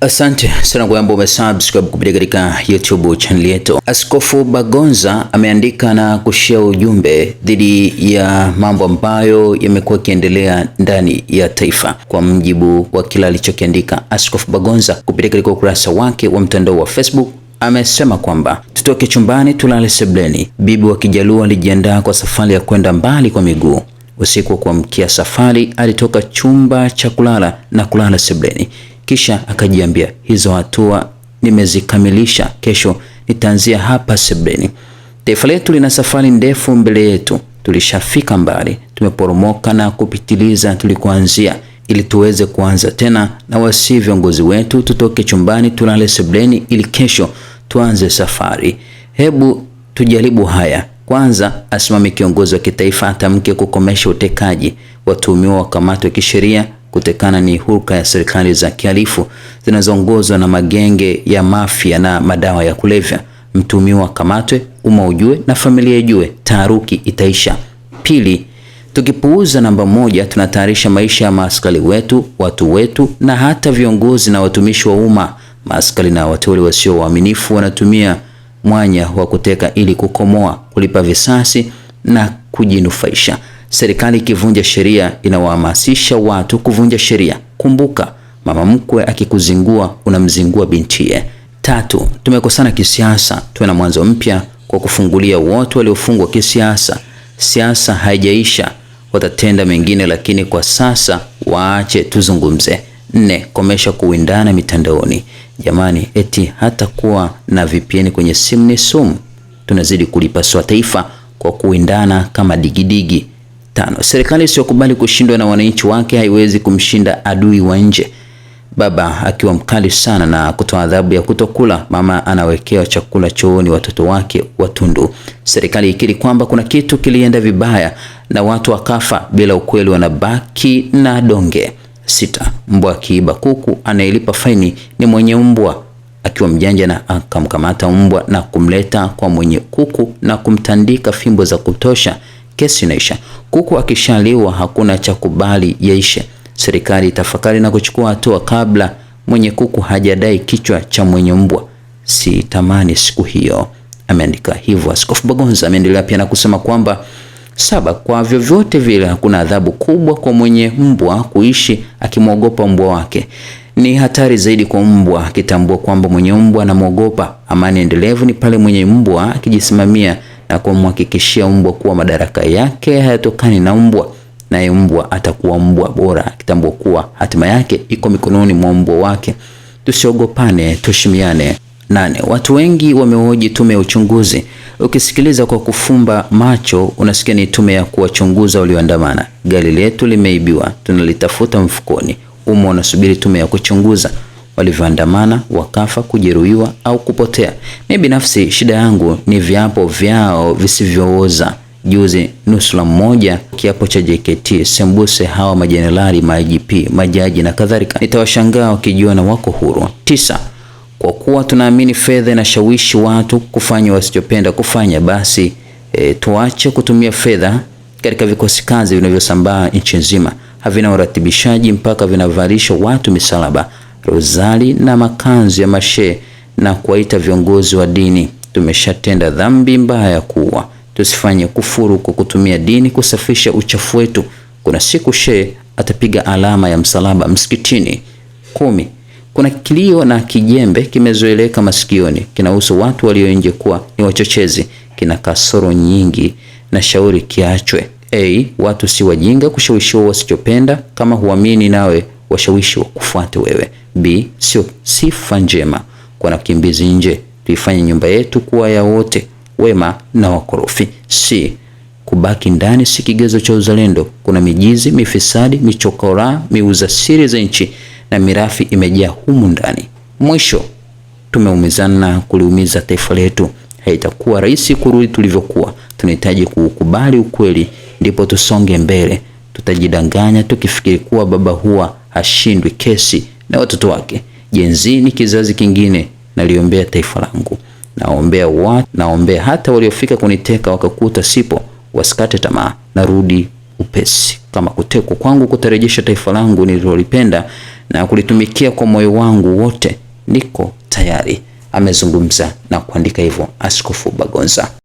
Asante sana kwa ambao umesubscribe kupitia katika YouTube channel yetu. Askofu Bagonza ameandika na kushia ujumbe dhidi ya mambo ambayo yamekuwa yakiendelea ndani ya taifa. Kwa mjibu wa kila alichokiandika, Askofu Bagonza kupitia katika ukurasa wake wa mtandao wa Facebook amesema kwamba tutoke chumbani tulale sebleni. Bibi wa Kijaluo alijiandaa kwa safari ya kwenda mbali kwa miguu. Usiku wa kuamkia safari, alitoka chumba cha kulala na kulala sebleni. Kisha akajiambia hizo hatua nimezikamilisha, kesho nitaanzia hapa Sebleni. Taifa letu lina safari ndefu mbele yetu, tulishafika mbali, tumeporomoka na kupitiliza tulikoanzia, ili tuweze kuanza tena, na wasi viongozi wetu tutoke chumbani tulale Sebleni, ili kesho tuanze safari. Hebu tujaribu haya. Kwanza, asimame kiongozi wa kitaifa atamke kukomesha utekaji, watuhumiwa wakamatwe kisheria kutekana ni hulka ya serikali za kihalifu zinazoongozwa na magenge ya mafia na madawa ya kulevya. Mtumiwa kamatwe umma ujue na familia ijue, taharuki itaisha. Pili, tukipuuza namba moja, tunatayarisha maisha ya maaskari wetu, watu wetu na hata viongozi na watumishi wa umma. Maaskari na wateule wasio waaminifu wanatumia mwanya wa kuteka ili kukomoa, kulipa visasi na kujinufaisha serikali ikivunja sheria inawahamasisha watu kuvunja sheria. Kumbuka, mama mkwe akikuzingua unamzingua bintiye. Tatu, tumekosana kisiasa, tuwe na mwanzo mpya kwa kufungulia wote waliofungwa kisiasa. Siasa haijaisha, watatenda mengine, lakini kwa sasa waache tuzungumze. Nne, komesha kuwindana mitandaoni. Jamani, eti hata kuwa na VPN kwenye simu ni sumu. Tunazidi kulipasua taifa kwa kuwindana kama digidigi. Tano, serikali isiyokubali kushindwa na wananchi wake haiwezi kumshinda adui wa nje. Baba akiwa mkali sana na kutoa adhabu ya kutokula, mama anawekewa chakula chooni watoto wake watundu. Serikali ikiri kwamba kuna kitu kilienda vibaya na watu wakafa bila ukweli, wanabaki na donge. Sita, mbwa akiiba kuku anayelipa faini ni mwenye mbwa. Akiwa mjanja na akamkamata mbwa na kumleta kwa mwenye kuku na kumtandika fimbo za kutosha kesi inaisha. Kuku akishaliwa hakuna cha kubali yaishe. Serikali tafakari na kuchukua hatua kabla mwenye kuku hajadai kichwa cha mwenye mbwa. Sitamani siku hiyo, ameandika hivyo. Askofu Bagonza ameendelea pia na kusema kwamba saba, kwa vyovyote vile hakuna adhabu kubwa kwa mwenye mbwa kuishi akimwogopa mbwa wake. Ni hatari zaidi kwa mbwa akitambua kwamba mwenye mbwa anamwogopa. Amani endelevu ni pale mwenye mbwa akijisimamia na kumhakikishia mbwa kuwa madaraka yake hayatokani na mbwa, naye mbwa atakuwa mbwa bora, akitambua kuwa hatima yake iko mikononi mwa mbwa wake. Tusiogopane, tuheshimiane. Nane, watu wengi wamehoji tume ya uchunguzi. Ukisikiliza kwa kufumba macho, unasikia ni tume ya kuwachunguza walioandamana. Gari letu limeibiwa, tunalitafuta mfukoni, umo unasubiri tume ya kuchunguza walivyoandamana, wakafa, kujeruhiwa au kupotea. Mi binafsi shida yangu ni viapo vyao visivyooza. Juzi nusura mmoja kiapo cha JKT, sembuse hawa majenerali, ma-IGP, majaji na kadhalika, nitawashangaa wakijiona wako huru. Tisa, kwa kuwa tunaamini fedha inashawishi watu kufanya wasichopenda kufanya, basi e, tuache kutumia fedha katika vikosi kazi vinavyosambaa nchi nzima, havina uratibishaji mpaka vinavalishwa watu misalaba rozari na makanzu ya mashe na kuwaita viongozi wa dini. Tumeshatenda dhambi mbaya kuwa tusifanye kufuru kwa kutumia dini kusafisha uchafu wetu. Kuna siku she atapiga alama ya msalaba msikitini. Kumi. Kuna kilio na kijembe kimezoeleka masikioni, kinahusu watu walio nje kuwa ni wachochezi, kina kasoro nyingi na shauri kiachwe. A, watu si wajinga kushawishiwa wasichopenda. Kama huamini nawe washawishi wa kufuata wewe. B sio sifa njema kwa wakimbizi nje, tuifanye nyumba yetu kuwa ya wote wema na wakorofi. C kubaki ndani si kigezo cha uzalendo. Kuna mijizi, mifisadi, michokora, miuza siri za nchi na mirafi imejaa humu ndani. Mwisho, tumeumizana kuliumiza taifa letu. Haitakuwa rahisi kurudi tulivyokuwa. Tunahitaji kuukubali ukweli, ndipo tusonge mbele. Tutajidanganya tukifikiri kuwa baba huwa ashindwe kesi na watoto wake. Jenzini kizazi kingine, naliombea taifa langu, naombea watu, naombea hata waliofika kuniteka wakakuta sipo, wasikate tamaa, narudi upesi. Kama kutekwa kwangu kutarejesha taifa langu nililolipenda na kulitumikia kwa moyo wangu wote, niko tayari. Amezungumza na kuandika hivyo Askofu Bagonza.